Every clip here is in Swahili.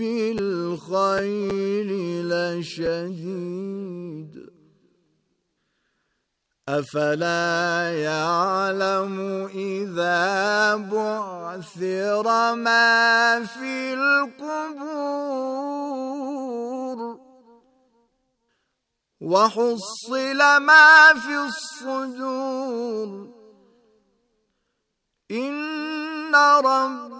بالخير لشديد أفلا يعلم إذا بعثر ما في القبور وحصل ما في الصدور إن رب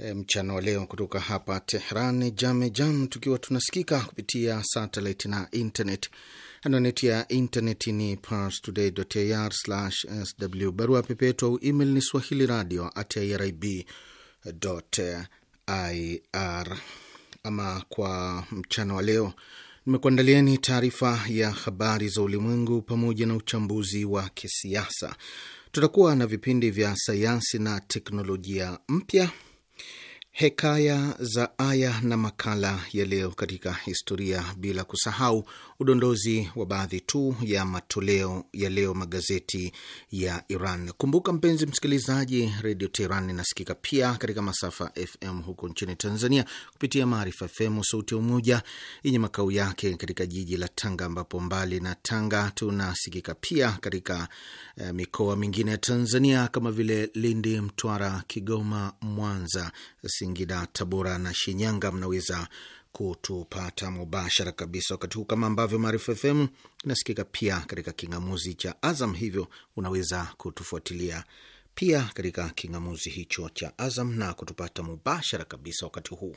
Eh, mchana wa leo kutoka hapa Tehran, Jame Jam, tukiwa tunasikika kupitia satellite na internet. Anwani ya intaneti ni parstoday.ir/sw. Barua pepeto au email ni swahili radio at irib.ir. Ama kwa mchana wa leo nimekuandalieni taarifa ya habari za ulimwengu pamoja na uchambuzi wa kisiasa. Tutakuwa na vipindi vya sayansi na teknolojia mpya hekaya za aya na makala ya leo katika historia, bila kusahau udondozi wa baadhi tu ya matoleo ya leo magazeti ya Iran. Kumbuka mpenzi msikilizaji, Redio Teheran inasikika pia katika masafa FM huko nchini Tanzania kupitia Maarifa FM, sauti ya Umoja, yenye makao yake katika jiji la Tanga, ambapo mbali na Tanga tunasikika pia katika eh, mikoa mingine ya Tanzania kama vile Lindi, Mtwara, Kigoma, Mwanza, Singida, Tabora na Shinyanga, mnaweza kutupata mubashara kabisa wakati huu, kama ambavyo Maarifa FM inasikika pia katika kingamuzi cha Azam, hivyo unaweza kutufuatilia pia katika kingamuzi hicho cha Azam na kutupata mubashara kabisa wakati huu.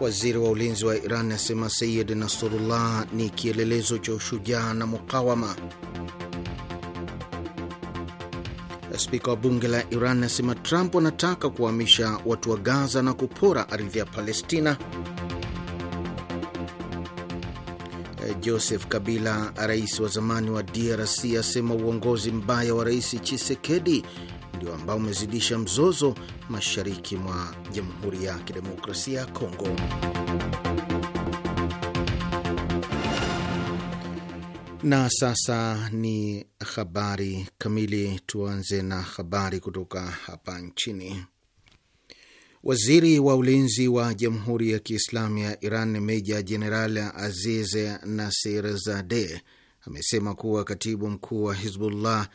Waziri wa ulinzi wa Iran asema Sayid Nasrullah ni kielelezo cha ushujaa na mukawama. Spika wa bunge la Iran asema Trump anataka kuhamisha watu wa Gaza na kupora ardhi ya Palestina. Joseph Kabila, rais wa zamani wa DRC, asema uongozi mbaya wa Rais Chisekedi ndio ambao umezidisha mzozo mashariki mwa Jamhuri ya Kidemokrasia ya Kongo. Na sasa ni habari kamili. Tuanze na habari kutoka hapa nchini. Waziri wa ulinzi wa Jamhuri ya Kiislamu ya Iran Meja jeneral Aziz Nasir Zadeh amesema kuwa katibu mkuu wa Hizbullah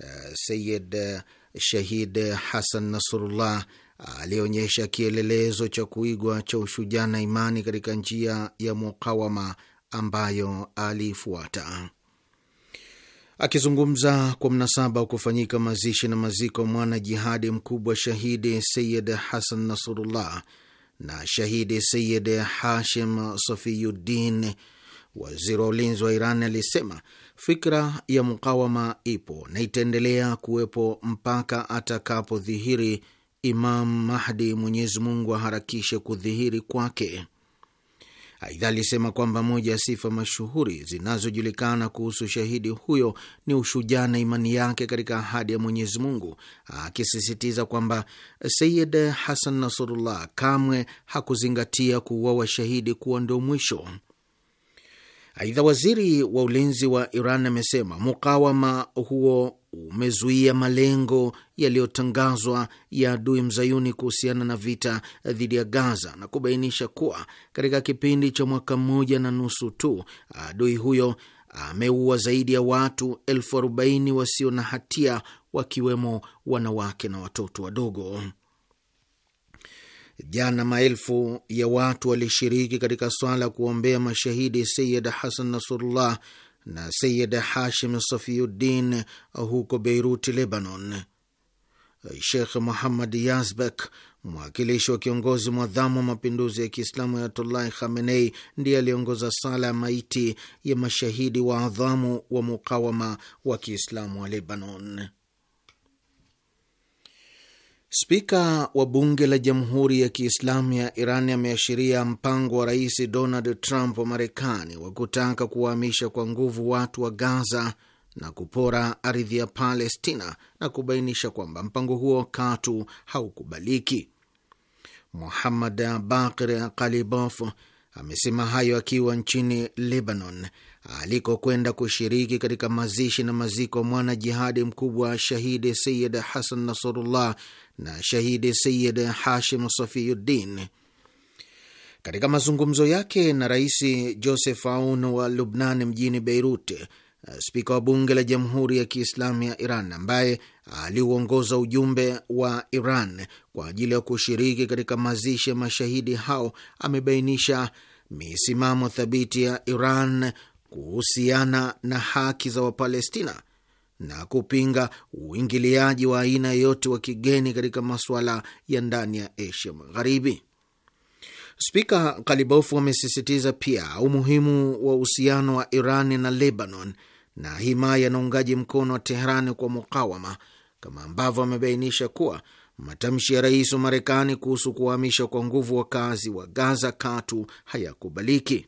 eh, Sayid Shahid Hasan Nasrullah alionyesha kielelezo cha kuigwa cha ushujaa na imani katika njia ya mukawama ambayo aliifuata. Akizungumza kwa mnasaba wa kufanyika mazishi na maziko mwana jihadi mkubwa shahidi Sayid Hasan Nasrullah na shahidi Sayid Hashim Sofiyuddin, waziri wa ulinzi wa Iran, alisema Fikra ya mukawama ipo na itaendelea kuwepo mpaka atakapodhihiri Imam Mahdi, Mwenyezi Mungu aharakishe kudhihiri kwake. Aidha alisema kwamba moja ya sifa mashuhuri zinazojulikana kuhusu shahidi huyo ni ushujaa na imani yake katika ahadi ya Mwenyezi Mungu, akisisitiza kwamba Sayid Hasan Nasrullah kamwe hakuzingatia kuuawa shahidi kuwa ndio mwisho. Aidha, waziri wa ulinzi wa Iran amesema mukawama huo umezuia malengo yaliyotangazwa ya adui mzayuni kuhusiana na vita dhidi ya Gaza na kubainisha kuwa katika kipindi cha mwaka mmoja na nusu tu adui huyo ameua zaidi ya watu elfu arobaini wasio na hatia wakiwemo wanawake na watoto wadogo. Jana maelfu ya watu walishiriki katika swala ya kuombea mashahidi Sayid Hasan Nasrullah na Sayid Hashim Safiuddin huko Beiruti, Lebanon. Sheikh Muhammad Yazbek, mwakilishi wa kiongozi mwadhamu wa mapinduzi ya Kiislamu Ayatullahi Khamenei, ndiye aliongoza sala ya maiti ya mashahidi waadhamu wa mukawama wa Kiislamu wa Lebanon. Spika wa bunge la Jamhuri ya Kiislamu ya Iran ameashiria mpango wa Rais Donald Trump wa Marekani wa kutaka kuwahamisha kwa nguvu watu wa Gaza na kupora ardhi ya Palestina na kubainisha kwamba mpango huo katu haukubaliki. Muhammad Bakir Kalibof Amesema hayo akiwa nchini Lebanon alikokwenda kushiriki katika mazishi na maziko mwana jihadi mkubwa shahidi Sayid Hasan Nasrullah na shahidi Sayid Hashim Safiyuddin. Katika mazungumzo yake na Rais Joseph Aoun wa Lubnan mjini Beirut, spika wa bunge la Jamhuri ya Kiislamu ya Iran ambaye aliuongoza ujumbe wa Iran kwa ajili ya kushiriki katika mazishi ya mashahidi hao amebainisha misimamo thabiti ya Iran kuhusiana na haki za Wapalestina na kupinga uingiliaji wa aina yote wa kigeni katika masuala ya ndani ya Asia Magharibi. Spika Kalibofu amesisitiza pia umuhimu wa uhusiano wa Iran na Lebanon na himaya na uungaji mkono wa Teherani kwa mukawama, kama ambavyo amebainisha kuwa Matamshi ya rais wa Marekani kuhusu kuhamishwa kwa nguvu wakazi wa Gaza katu hayakubaliki.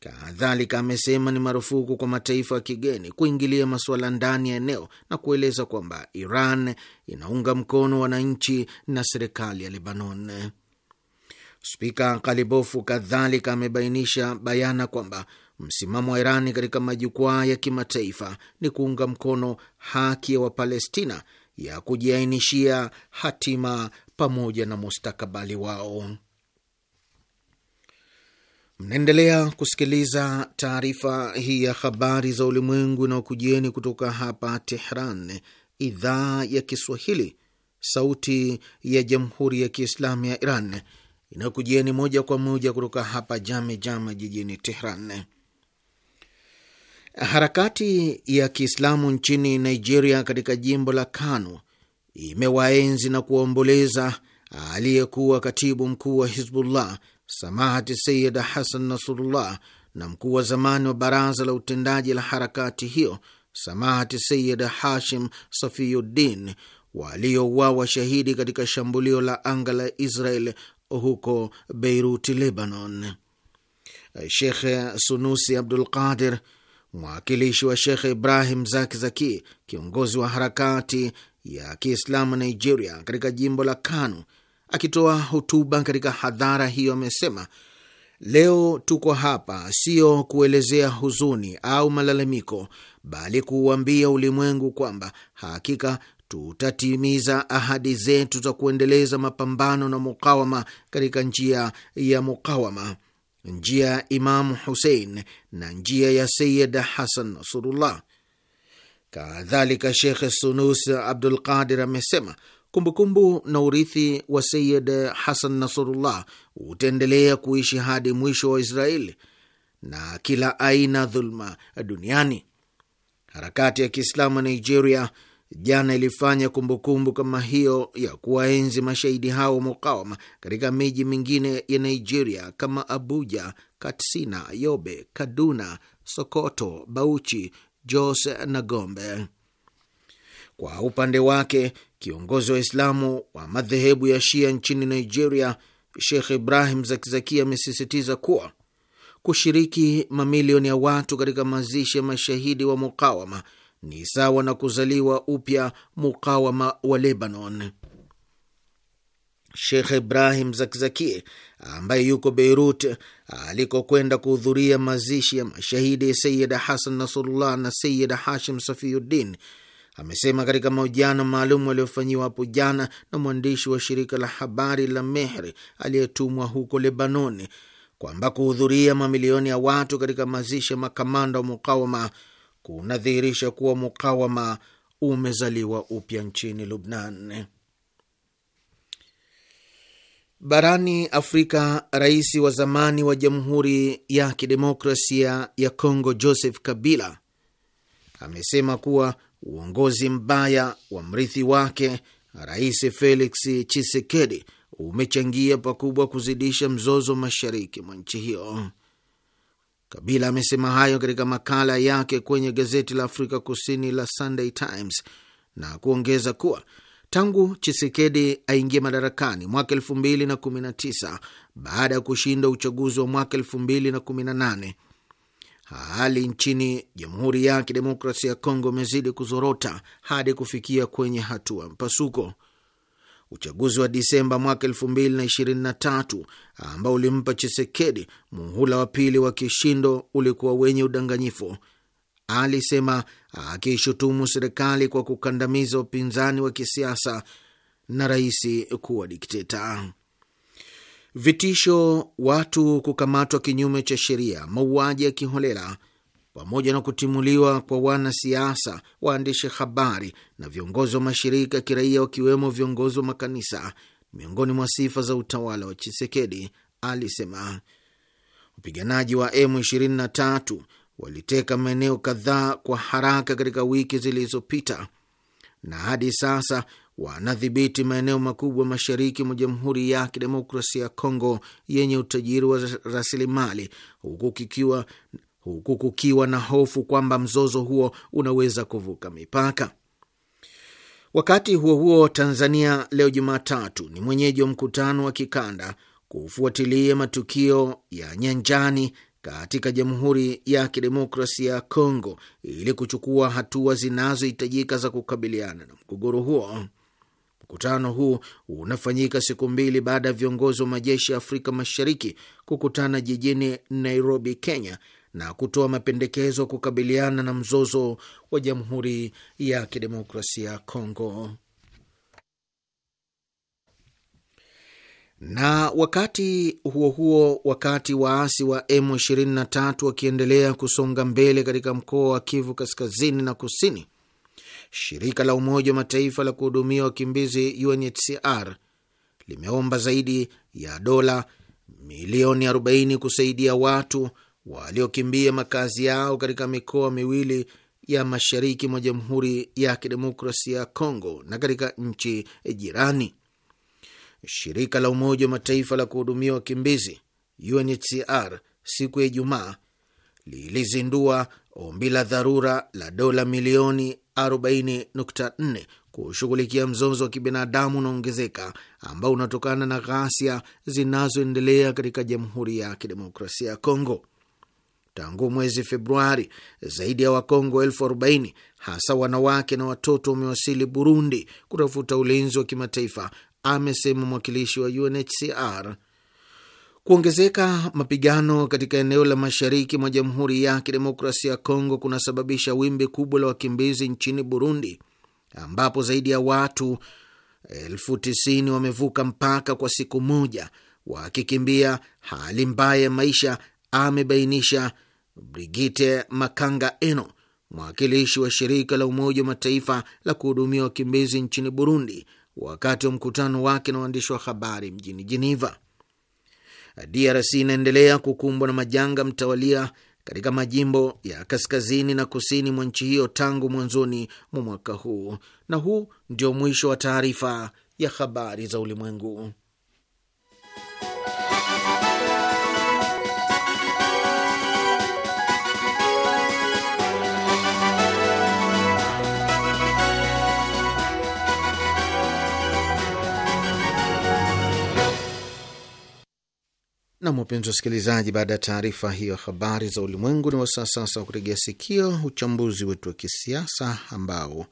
Kadhalika amesema ni marufuku kwa mataifa ya kigeni kuingilia masuala ndani ya eneo na kueleza kwamba Iran inaunga mkono wananchi na serikali ya Lebanon. Spika Kalibofu kadhalika amebainisha bayana kwamba msimamo wa Irani katika majukwaa ya kimataifa ni kuunga mkono haki ya Wapalestina ya kujiainishia hatima pamoja na mustakabali wao. Mnaendelea kusikiliza taarifa hii ya habari za ulimwengu inayokujieni kutoka hapa Tehran, idhaa ya Kiswahili, sauti ya jamhuri ya kiislamu ya Iran inayokujieni moja kwa moja kutoka hapa Jame Jama jijini Tehran. Harakati ya Kiislamu nchini Nigeria katika jimbo la Kano imewaenzi na kuomboleza aliyekuwa katibu mkuu wa Hizbullah samahati Sayid Hasan Nasrullah na mkuu wa zamani wa baraza la utendaji la harakati hiyo samahati Sayid Hashim Safiuddin waliouawa shahidi katika shambulio la anga la Israel huko Beirut, Lebanon. shekhe Sunusi Abdul Qadir Mwakilishi wa shekhe Ibrahim Zaki Zaki, kiongozi wa harakati ya Kiislamu Nigeria katika jimbo la Kano, akitoa hotuba katika hadhara hiyo amesema, leo tuko hapa sio kuelezea huzuni au malalamiko, bali kuuambia ulimwengu kwamba hakika tutatimiza ahadi zetu za kuendeleza mapambano na mukawama katika njia ya mukawama njia ya Imamu Husein na njia ya Sayid Hasan Nasurullah. Kadhalika, Shekh Sunus Abdul Qadir amesema kumbukumbu na urithi wa Sayid Hasan Nasurullah utaendelea kuishi hadi mwisho wa Israeli na kila aina dhulma duniani. Harakati ya Kiislamu ya Nigeria jana ilifanya kumbukumbu kama hiyo ya kuwaenzi mashahidi hao mukawama katika miji mingine ya Nigeria kama Abuja, Katsina, Yobe, Kaduna, Sokoto, Bauchi, Jos na Gombe. Kwa upande wake kiongozi wa Islamu wa madhehebu ya Shia nchini Nigeria, Sheikh Ibrahim Zakizaki amesisitiza kuwa kushiriki mamilioni ya watu katika mazishi ya mashahidi wa mukawama ni sawa na kuzaliwa upya mukawama wa Lebanon. Shekh Ibrahim zakzaki ambaye yuko Beirut alikokwenda kuhudhuria mazishi ya mashahidi Sayid Hasan Nasrullah na Sayid Hashim Safiuddin amesema katika mahojiano maalum aliyofanyiwa hapo jana na mwandishi wa shirika la habari la mehri aliyetumwa huko Lebanoni kwamba kuhudhuria mamilioni ya watu katika mazishi ya makamanda wa mukawama kunadhihirisha kuwa mukawama umezaliwa upya nchini Lubnan. Barani Afrika, rais wa zamani wa Jamhuri ya Kidemokrasia ya Kongo Joseph Kabila amesema kuwa uongozi mbaya wa mrithi wake Rais Felix Tshisekedi umechangia pakubwa kuzidisha mzozo mashariki mwa nchi hiyo. Kabila amesema hayo katika makala yake kwenye gazeti la Afrika Kusini la Sunday Times na kuongeza kuwa tangu Chisekedi aingie madarakani mwaka 2019 baada ya kushinda uchaguzi wa mwaka 2018 hali nchini Jamhuri ya Kidemokrasia ya Kongo imezidi kuzorota hadi kufikia kwenye hatua mpasuko uchaguzi wa Disemba mwaka 2023 ambao ulimpa Chisekedi muhula wa pili wa kishindo ulikuwa wenye udanganyifu, alisema akiishutumu serikali kwa kukandamiza upinzani wa kisiasa na rais kuwa dikteta. Vitisho, watu kukamatwa kinyume cha sheria, mauaji ya kiholela pamoja na kutimuliwa kwa wanasiasa, waandishi habari na viongozi wa mashirika ya kiraia wakiwemo viongozi wa makanisa miongoni mwa sifa za utawala wa Chisekedi, alisema wapiganaji wa M23 waliteka maeneo kadhaa kwa haraka katika wiki zilizopita na hadi sasa wanadhibiti maeneo makubwa mashariki mwa Jamhuri ya Kidemokrasia ya Kongo yenye utajiri wa rasilimali huku kikiwa huku kukiwa na hofu kwamba mzozo huo unaweza kuvuka mipaka. Wakati huo huo, Tanzania leo Jumatatu ni mwenyeji wa mkutano wa kikanda kufuatilia matukio ya nyanjani katika Jamhuri ya Kidemokrasia ya congo ili kuchukua hatua zinazohitajika za kukabiliana na mgogoro huo. Mkutano huu unafanyika siku mbili baada ya viongozi wa majeshi ya Afrika Mashariki kukutana jijini Nairobi, Kenya, na kutoa mapendekezo kukabiliana na mzozo wa Jamhuri ya Kidemokrasia ya Kongo. Na wakati huo huo, wakati waasi wa M23 wakiendelea kusonga mbele katika mkoa wa Kivu kaskazini na kusini, shirika la Umoja wa Mataifa la kuhudumia wakimbizi UNHCR limeomba zaidi ya dola milioni 40 kusaidia watu waliokimbia makazi yao katika mikoa miwili ya mashariki mwa Jamhuri ya Kidemokrasia ya Kongo na katika nchi jirani. Shirika la Umoja wa Mataifa la kuhudumia wakimbizi UNHCR siku ya Ijumaa lilizindua ombi la dharura la dola milioni 40.4 kushughulikia mzozo wa kibinadamu unaongezeka ambao unatokana na ghasia zinazoendelea katika Jamhuri ya Kidemokrasia ya Kongo. Tangu mwezi Februari, zaidi ya Wakongo elfu arobaini hasa wanawake na watoto wamewasili Burundi kutafuta ulinzi wa kimataifa, amesema mwakilishi wa UNHCR. Kuongezeka mapigano katika eneo la mashariki mwa Jamhuri ya Kidemokrasia ya Kongo kunasababisha wimbi kubwa la wakimbizi nchini Burundi, ambapo zaidi ya watu elfu tisini wamevuka mpaka kwa siku moja wakikimbia hali mbaya ya maisha, amebainisha Brigite Makanga Eno, mwakilishi wa shirika la Umoja wa Mataifa la kuhudumia wakimbizi nchini Burundi, wakati wa mkutano wake na waandishi wa habari mjini Jeniva. DRC inaendelea kukumbwa na majanga mtawalia katika majimbo ya kaskazini na kusini mwa nchi hiyo tangu mwanzoni mwa mwaka huu, na huu ndio mwisho wa taarifa ya habari za ulimwengu. Nam, wapenzi wasikilizaji, baada ya taarifa hiyo habari za ulimwengu, ni wasaa sasa wa kuregea sikio uchambuzi wetu wa kisiasa ambao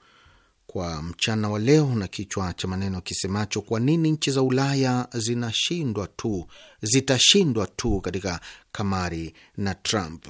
kwa mchana wa leo na kichwa cha maneno kisemacho kwa nini nchi za Ulaya zinashindwa tu zitashindwa tu katika kamari na Trump.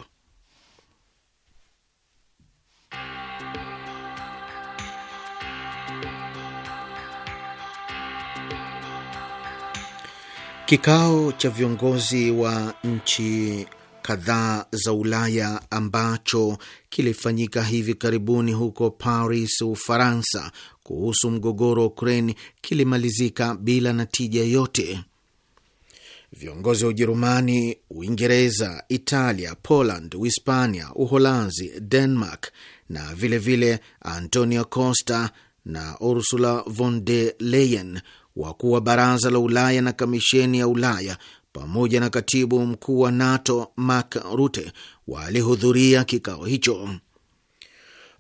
Kikao cha viongozi wa nchi kadhaa za Ulaya ambacho kilifanyika hivi karibuni huko Paris, Ufaransa, kuhusu mgogoro wa Ukraine kilimalizika bila natija yote. Viongozi wa Ujerumani, Uingereza, Italia, Poland, Uhispania, Uholanzi, Denmark na vilevile vile Antonio Costa na Ursula von der Leyen wakuu wa Baraza la Ulaya na Kamisheni ya Ulaya pamoja na katibu mkuu wa NATO Mark Rutte walihudhuria kikao hicho.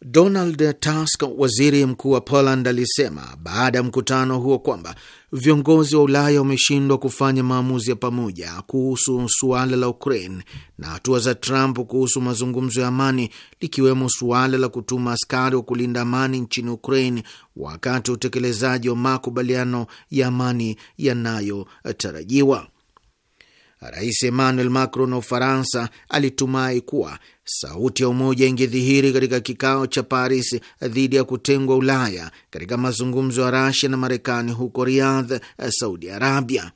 Donald Tusk, waziri mkuu wa Poland, alisema baada ya mkutano huo kwamba viongozi wa Ulaya wameshindwa kufanya maamuzi ya pamoja kuhusu suala la Ukraine na hatua za Trump kuhusu mazungumzo ya amani, likiwemo suala la kutuma askari wa kulinda amani nchini Ukraine wakati wa utekelezaji wa makubaliano ya amani yanayotarajiwa. Rais Emmanuel Macron wa Ufaransa alitumai kuwa sauti ya umoja ingedhihiri katika kikao cha Paris dhidi ya kutengwa Ulaya katika mazungumzo ya Rasia na Marekani huko Riyadh, Saudi Arabia.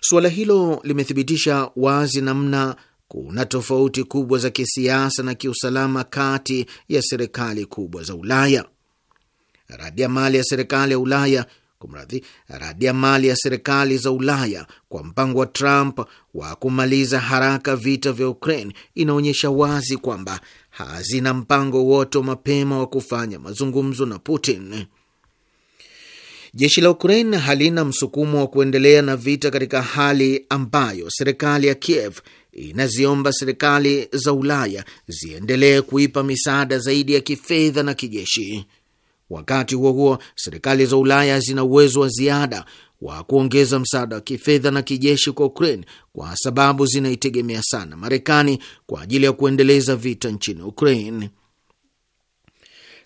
Suala hilo limethibitisha wazi namna kuna tofauti kubwa za kisiasa na kiusalama kati ya serikali kubwa za Ulaya. radi ya mali ya serikali ya Ulaya kumradhi, radi ya mali ya serikali za Ulaya kwa mpango wa Trump wa kumaliza haraka vita vya Ukraine inaonyesha wazi kwamba hazina mpango wote wa mapema wa kufanya mazungumzo na Putin. Jeshi la Ukraine halina msukumo wa kuendelea na vita katika hali ambayo serikali ya Kiev inaziomba serikali za Ulaya ziendelee kuipa misaada zaidi ya kifedha na kijeshi. Wakati huo huo, serikali za Ulaya zina uwezo wa ziada wa kuongeza msaada wa kifedha na kijeshi kwa Ukraine kwa sababu zinaitegemea sana Marekani kwa ajili ya kuendeleza vita nchini Ukraine.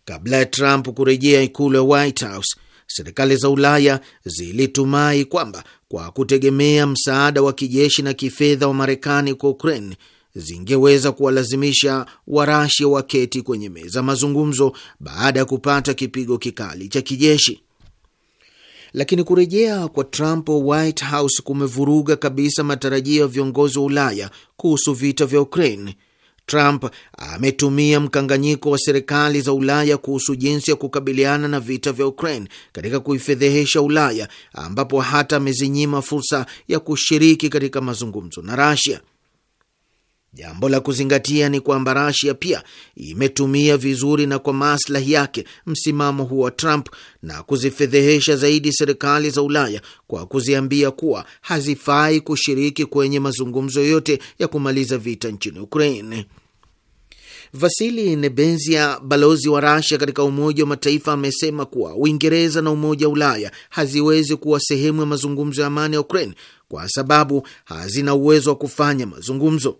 Kabla ya Trump kurejea ikulu ya White House, serikali za Ulaya zilitumai kwamba kwa kutegemea msaada wa kijeshi na kifedha wa Marekani kwa Ukraine zingeweza kuwalazimisha Warasia waketi kwenye meza mazungumzo baada ya kupata kipigo kikali cha kijeshi. Lakini kurejea kwa Trump White House kumevuruga kabisa matarajio ya viongozi wa Ulaya kuhusu vita vya Ukraine. Trump ametumia mkanganyiko wa serikali za Ulaya kuhusu jinsi ya kukabiliana na vita vya Ukraine katika kuifedhehesha Ulaya, ambapo hata amezinyima fursa ya kushiriki katika mazungumzo na Rasia. Jambo la kuzingatia ni kwamba Rasia pia imetumia vizuri na kwa maslahi yake msimamo huo wa Trump na kuzifedhehesha zaidi serikali za Ulaya kwa kuziambia kuwa hazifai kushiriki kwenye mazungumzo yote ya kumaliza vita nchini Ukraine. Vasili Nebenzia, balozi wa Rasia katika Umoja wa Mataifa, amesema kuwa Uingereza na Umoja wa Ulaya haziwezi kuwa sehemu ya mazungumzo ya amani ya Ukraine kwa sababu hazina uwezo wa kufanya mazungumzo.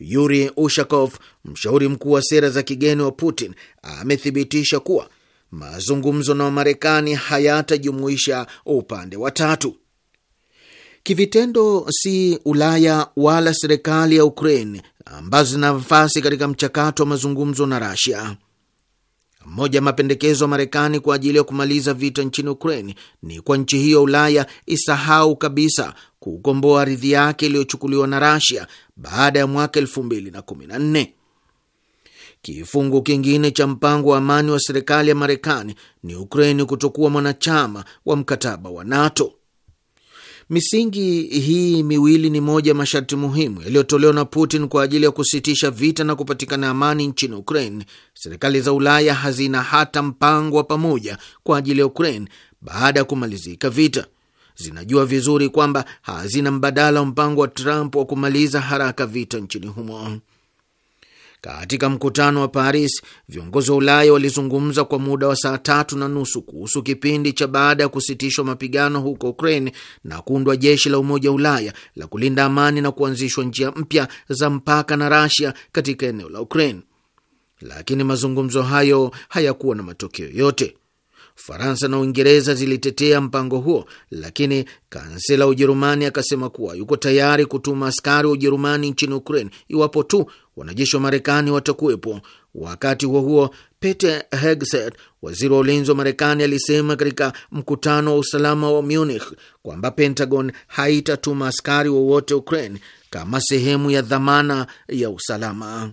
Yuri Ushakov, mshauri mkuu wa sera za kigeni wa Putin, amethibitisha kuwa mazungumzo na Wamarekani hayatajumuisha upande wa tatu. Kivitendo si Ulaya wala serikali ya Ukraine ambazo zina nafasi katika mchakato wa mazungumzo na Rasia. Moja ya mapendekezo ya Marekani kwa ajili ya kumaliza vita nchini Ukraine ni kwa nchi hiyo Ulaya isahau kabisa kukomboa ardhi yake iliyochukuliwa na Rasia baada ya mwaka elfu mbili na kumi na nne. Kifungu kingine cha mpango wa amani wa serikali ya Marekani ni Ukraini kutokuwa mwanachama wa mkataba wa NATO. Misingi hii miwili ni moja ya masharti muhimu yaliyotolewa na Putin kwa ajili ya kusitisha vita na kupatikana amani nchini Ukraine. Serikali za Ulaya hazina hata mpango wa pamoja kwa ajili ya Ukraine baada ya kumalizika vita. Zinajua vizuri kwamba hazina mbadala wa mpango wa Trump wa kumaliza haraka vita nchini humo. Katika mkutano wa Paris, viongozi wa Ulaya walizungumza kwa muda wa saa tatu na nusu kuhusu kipindi cha baada ya kusitishwa mapigano huko Ukraine na kuundwa jeshi la Umoja wa Ulaya la kulinda amani na kuanzishwa njia mpya za mpaka na rasia katika eneo la Ukraine, lakini mazungumzo hayo hayakuwa na matokeo yote. Faransa na Uingereza zilitetea mpango huo, lakini kansela wa Ujerumani akasema kuwa yuko tayari kutuma askari wa Ujerumani nchini Ukraine iwapo tu wanajeshi wa Marekani watakuwepo. Wakati huo huo, Pete Hegseth, waziri wa ulinzi wa Marekani, alisema katika mkutano wa usalama wa Munich kwamba Pentagon haitatuma askari wowote Ukraine kama sehemu ya dhamana ya usalama.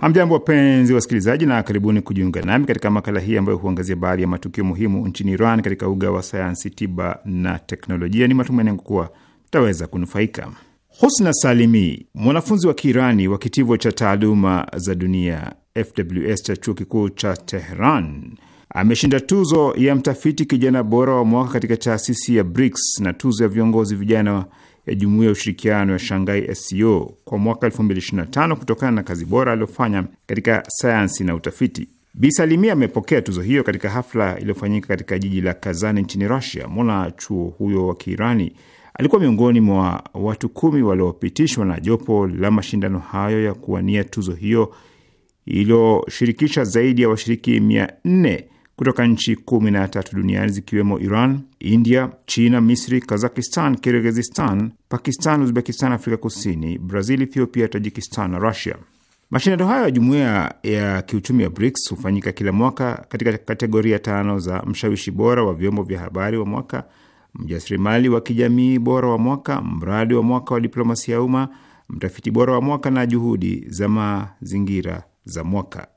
Hamjambo, wapenzi wasikilizaji, na karibuni kujiunga nami katika makala hii ambayo huangazia baadhi ya matukio muhimu nchini Iran katika uga wa sayansi, tiba na teknolojia. Ni matumaini yangu kuwa mtaweza kunufaika. Husna Salimi, mwanafunzi wa Kiirani wa kitivo cha taaluma za dunia FWS cha chuo kikuu cha Tehran ameshinda tuzo ya mtafiti kijana bora wa mwaka katika taasisi ya BRICS na tuzo ya viongozi vijana ya Jumuiya ya Ushirikiano ya Shanghai SCO e kwa mwaka 2025 kutokana na kazi bora aliyofanya katika sayansi na utafiti. Bi Salimia amepokea tuzo hiyo katika hafla iliyofanyika katika jiji la Kazani nchini Russia. Mwana chuo huyo wa Kiirani alikuwa miongoni mwa watu kumi waliopitishwa na jopo la mashindano hayo ya kuwania tuzo hiyo iliyoshirikisha zaidi ya washiriki mia nne kutoka nchi kumi na tatu duniani zikiwemo Iran, India, China, Misri, Kazakistan, Kirgizistan, Pakistan, Uzbekistan, Afrika Kusini, Brazil, Ethiopia, Tajikistan na Rusia. Mashindano hayo ya jumuiya ya kiuchumi ya BRICS hufanyika kila mwaka katika kategoria tano za mshawishi bora wa vyombo vya habari wa mwaka, mjasirimali wa kijamii bora wa mwaka, mradi wa mwaka wa diplomasia ya umma, mtafiti bora wa mwaka na juhudi za mazingira za mwaka.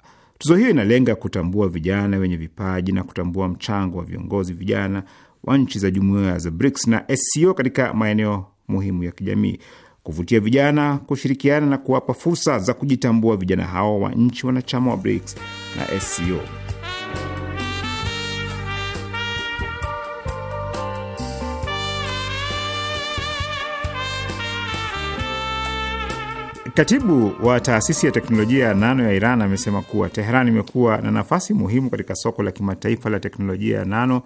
Tuzo hiyo inalenga kutambua vijana wenye vipaji na kutambua mchango wa viongozi vijana wa nchi za jumuiya za BRICS na SCO katika maeneo muhimu ya kijamii, kuvutia vijana kushirikiana na kuwapa fursa za kujitambua vijana hao wa nchi wanachama wa BRICS na SCO. Katibu wa taasisi ya teknolojia ya nano ya Iran amesema kuwa Teheran imekuwa na nafasi muhimu katika soko la kimataifa la teknolojia ya nano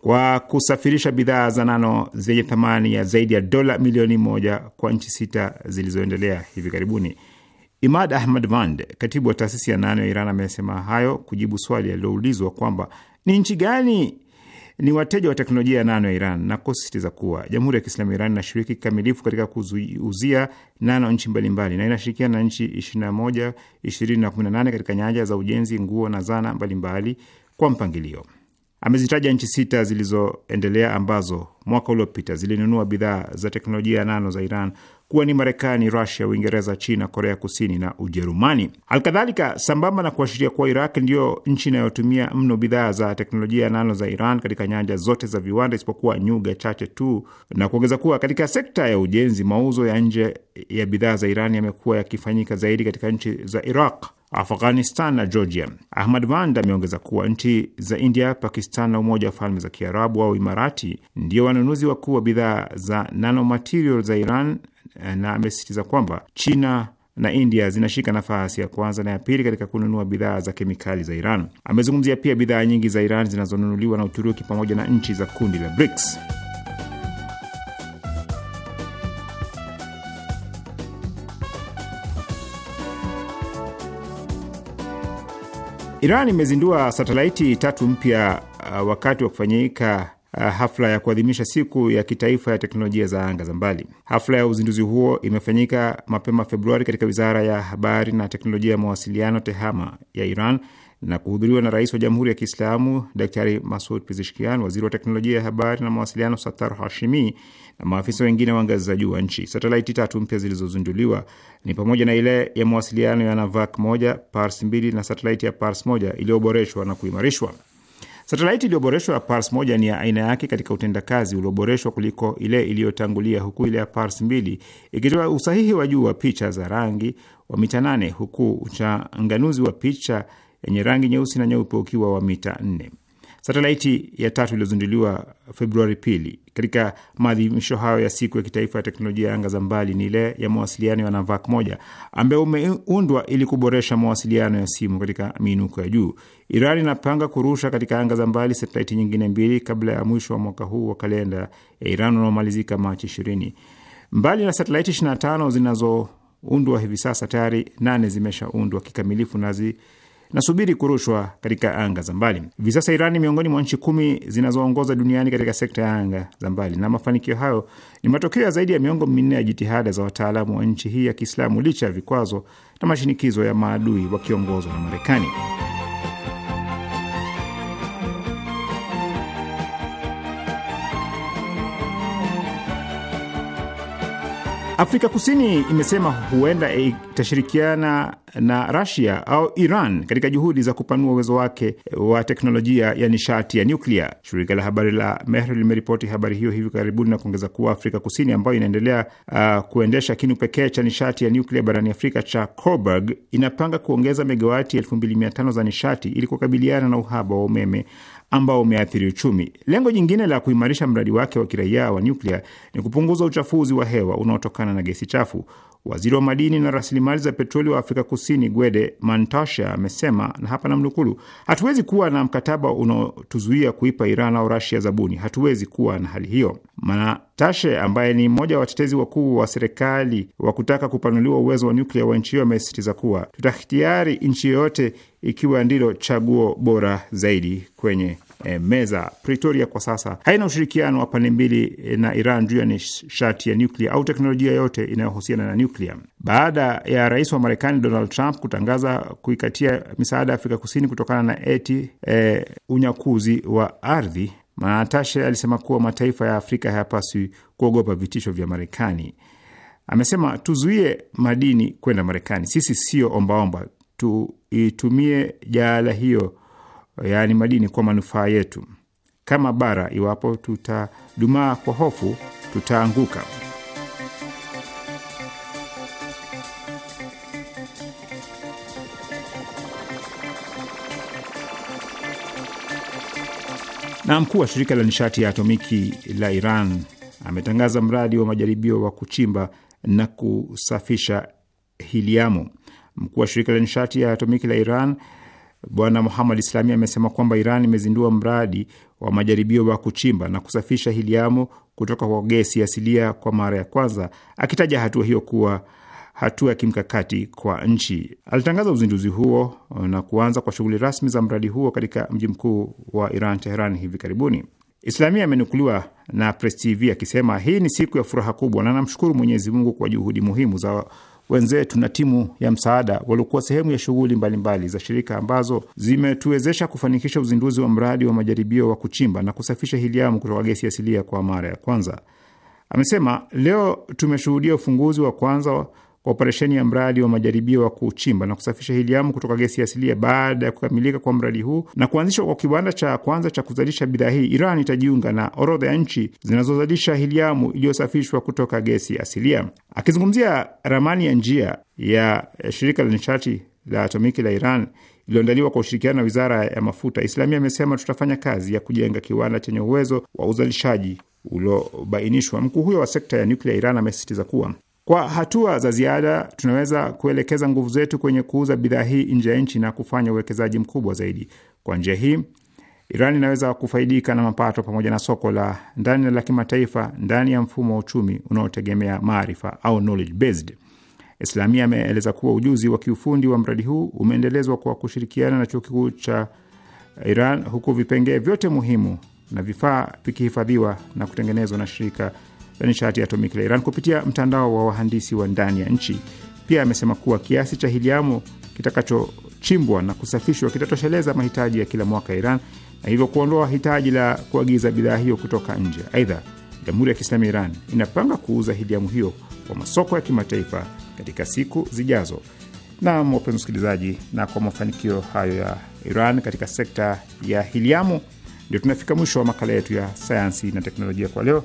kwa kusafirisha bidhaa za nano zenye thamani ya zaidi ya dola milioni moja kwa nchi sita zilizoendelea hivi karibuni. Imad Ahmad Vand, katibu wa taasisi ya nano ya Iran, amesema hayo kujibu swali aliloulizwa kwamba ni nchi gani ni wateja wa teknolojia ya nano ya Iran na kusisitiza kuwa Jamhuri ya Kiislamu ya Iran inashiriki kikamilifu katika kuziuzia nano nchi mbalimbali na inashirikiana na nchi 21, 20 na 18 katika nyanja za ujenzi, nguo na zana mbalimbali kwa mpangilio. Amezitaja nchi sita zilizoendelea ambazo mwaka uliopita zilinunua bidhaa za teknolojia ya nano za Iran kuwa ni Marekani, Rusia, Uingereza, China, Korea Kusini na Ujerumani. Alkadhalika, sambamba na kuashiria kuwa Iraq ndiyo nchi inayotumia mno bidhaa za teknolojia ya nano za Iran katika nyanja zote za viwanda isipokuwa nyuga chache tu, na kuongeza kuwa katika sekta ya ujenzi, mauzo ya nje ya bidhaa za Iran yamekuwa yakifanyika zaidi katika nchi za Iraq, Afghanistan na Georgia. Ahmad Vand ameongeza kuwa nchi za India, Pakistan na Umoja wa Falme za Kiarabu au Imarati ndio wanunuzi wakuu wa bidhaa za nanomaterial za Iran Eh, na amesisitiza kwamba China na India zinashika nafasi ya kwanza na ya pili katika kununua bidhaa za kemikali za Iran. Amezungumzia pia bidhaa nyingi za Iran zinazonunuliwa na Uturuki pamoja na nchi za kundi la BRICS. Iran imezindua satelaiti tatu mpya uh, wakati wa kufanyika Eh, hafla ya kuadhimisha siku ya kitaifa ya teknolojia za anga za mbali. Hafla ya uzinduzi huo imefanyika mapema Februari katika wizara ya habari na teknolojia ya mawasiliano TEHAMA ya Iran na kuhudhuriwa na rais wa Jamhuri ya Kiislamu Daktari Masud Pizishkian, waziri wa teknolojia ya habari na mawasiliano Satar Hashimi na maafisa wengine wa ngazi za juu wa nchi. Satelaiti tatu mpya zilizozinduliwa ni pamoja na ile ya mawasiliano ya Navak moja, Pars mbili na satelaiti ya Pars moja iliyoboreshwa na kuimarishwa. Satelaiti iliyoboreshwa ya Pars moja ni ya aina yake katika utendakazi ulioboreshwa kuliko ile iliyotangulia, huku ile ya Pars mbili ikitoa usahihi wa juu wa picha za rangi wa mita nane huku uchanganuzi wa picha yenye rangi nyeusi na nyeupe ukiwa wa mita nne. Satelaiti ya tatu iliyozinduliwa Februari pili katika maadhimisho hayo ya siku ya kitaifa ya teknolojia ya anga za mbali ni ile ya mawasiliano ya Navak moja ambayo umeundwa ili kuboresha mawasiliano ya simu katika miinuko ya juu. Iran inapanga kurusha katika anga za mbali satelaiti nyingine mbili kabla ya mwisho wa mwaka huu wa kalenda ya Iran unaomalizika Machi ishirini. Mbali na satelaiti na tano zinazoundwa hivi sasa, tayari nane zimeshaundwa kikamilifu nazi inasubiri kurushwa katika anga za mbali. Hivi sasa Iran ni miongoni mwa nchi kumi zinazoongoza duniani katika sekta ya anga za mbali, na mafanikio hayo ni matokeo ya zaidi ya miongo minne ya jitihada za wataalamu wa nchi hii ya Kiislamu licha ya vikwazo na mashinikizo ya maadui wakiongozwa na Marekani. Afrika Kusini imesema huenda itashirikiana na rasia au Iran katika juhudi za kupanua uwezo wake wa teknolojia ya nishati ya nyuklia. Shirika la habari la Mehr limeripoti habari hiyo hivi karibuni na kuongeza kuwa Afrika Kusini ambayo inaendelea uh, kuendesha kinu pekee cha nishati ya nyuklia barani Afrika cha Coburg inapanga kuongeza megawati 2500 za nishati ili kukabiliana na uhaba wa umeme ambao umeathiri uchumi. Lengo jingine la kuimarisha mradi wake wa kiraia wa nyuklia ni kupunguza uchafuzi wa hewa unaotokana na gesi chafu. Waziri wa madini na rasilimali za petroli wa Afrika Kusini Gwede Mantashe amesema, na hapa namnukulu, hatuwezi kuwa na mkataba unaotuzuia kuipa Iran au Rasia zabuni. Hatuwezi kuwa na hali hiyo. Mantashe ambaye ni mmoja wa watetezi wakuu wa serikali wa kutaka kupanuliwa uwezo wa nyuklia wa nchi hiyo amesisitiza kuwa tutahtiari nchi yoyote ikiwa ndilo chaguo bora zaidi kwenye e, meza. Pretoria kwa sasa haina ushirikiano wa pande mbili eh, na Iran juu ya nishati ya nuklia au teknolojia yote inayohusiana na nuklia. Baada ya rais wa Marekani Donald Trump kutangaza kuikatia misaada ya Afrika Kusini kutokana na eti e, unyakuzi wa ardhi, Manatashe alisema kuwa mataifa ya Afrika hayapaswi kuogopa vitisho vya Marekani. Amesema tuzuie madini kwenda Marekani, sisi sio ombaomba, tuitumie jaala hiyo yaani madini, kwa manufaa yetu kama bara. Iwapo tutadumaa kwa hofu, tutaanguka. Na mkuu wa shirika la nishati ya atomiki la Iran ametangaza mradi wa majaribio wa kuchimba na kusafisha hiliamu. Mkuu wa shirika la nishati ya atomiki la Iran Bwana Muhamad Islami amesema kwamba Iran imezindua mradi wa majaribio wa kuchimba na kusafisha hiliamu kutoka kwa gesi asilia kwa mara ya kwanza, akitaja hatua hiyo kuwa hatua ya kimkakati kwa nchi. Alitangaza uzinduzi huo uh, na kuanza kwa shughuli rasmi za mradi huo katika mji mkuu wa Iran, Teheran, hivi karibuni. Islamia amenukuliwa na Press TV akisema hii ni siku ya furaha kubwa na namshukuru Mwenyezi Mungu kwa juhudi muhimu za wenzetu na timu ya msaada waliokuwa sehemu ya shughuli mbalimbali za shirika ambazo zimetuwezesha kufanikisha uzinduzi wa mradi wa majaribio wa kuchimba na kusafisha hiliamu kutoka gesi asilia kwa mara ya kwanza. Amesema leo tumeshuhudia ufunguzi wa kwanza operesheni ya mradi wa majaribio wa kuchimba na kusafisha hiliamu kutoka gesi asilia. Baada ya kukamilika kwa mradi huu na kuanzishwa kwa kiwanda cha kwanza cha kuzalisha bidhaa hii, Iran itajiunga na orodha ya nchi zinazozalisha hiliamu iliyosafishwa kutoka gesi asilia. Akizungumzia ramani ya njia ya shirika la nishati la atomiki la Iran iliyoandaliwa kwa ushirikiano na wizara ya mafuta, Islamia amesema tutafanya kazi ya kujenga kiwanda chenye uwezo wa uzalishaji uliobainishwa. Mkuu huyo wa sekta ya nuklia Iran amesisitiza kuwa kwa hatua za ziada, tunaweza kuelekeza nguvu zetu kwenye kuuza bidhaa hii nje ya nchi na kufanya uwekezaji mkubwa zaidi. Kwa njia hii, Iran inaweza kufaidika na mapato pamoja na soko la ndani na la kimataifa ndani ya mfumo wa uchumi unaotegemea maarifa au knowledge based. Islamia ameeleza kuwa ujuzi wa kiufundi wa mradi huu umeendelezwa kwa kushirikiana na chuo kikuu cha Iran, huku vipengee vyote muhimu na vifaa vikihifadhiwa na kutengenezwa na shirika za nishati ya atomiki la Iran kupitia mtandao wa wahandisi wa ndani ya nchi. Pia amesema kuwa kiasi cha hiliamu kitakachochimbwa na kusafishwa kitatosheleza mahitaji ya kila mwaka ya Iran na hivyo kuondoa hitaji la kuagiza bidhaa hiyo kutoka nje. Aidha, Jamhuri ya Kiislamu ya Iran inapanga kuuza hiliamu hiyo kwa masoko ya kimataifa katika siku zijazo. Nam, wapenzi msikilizaji, na kwa mafanikio hayo ya Iran katika sekta ya hiliamu, ndio tunafika mwisho wa makala yetu ya sayansi na teknolojia kwa leo.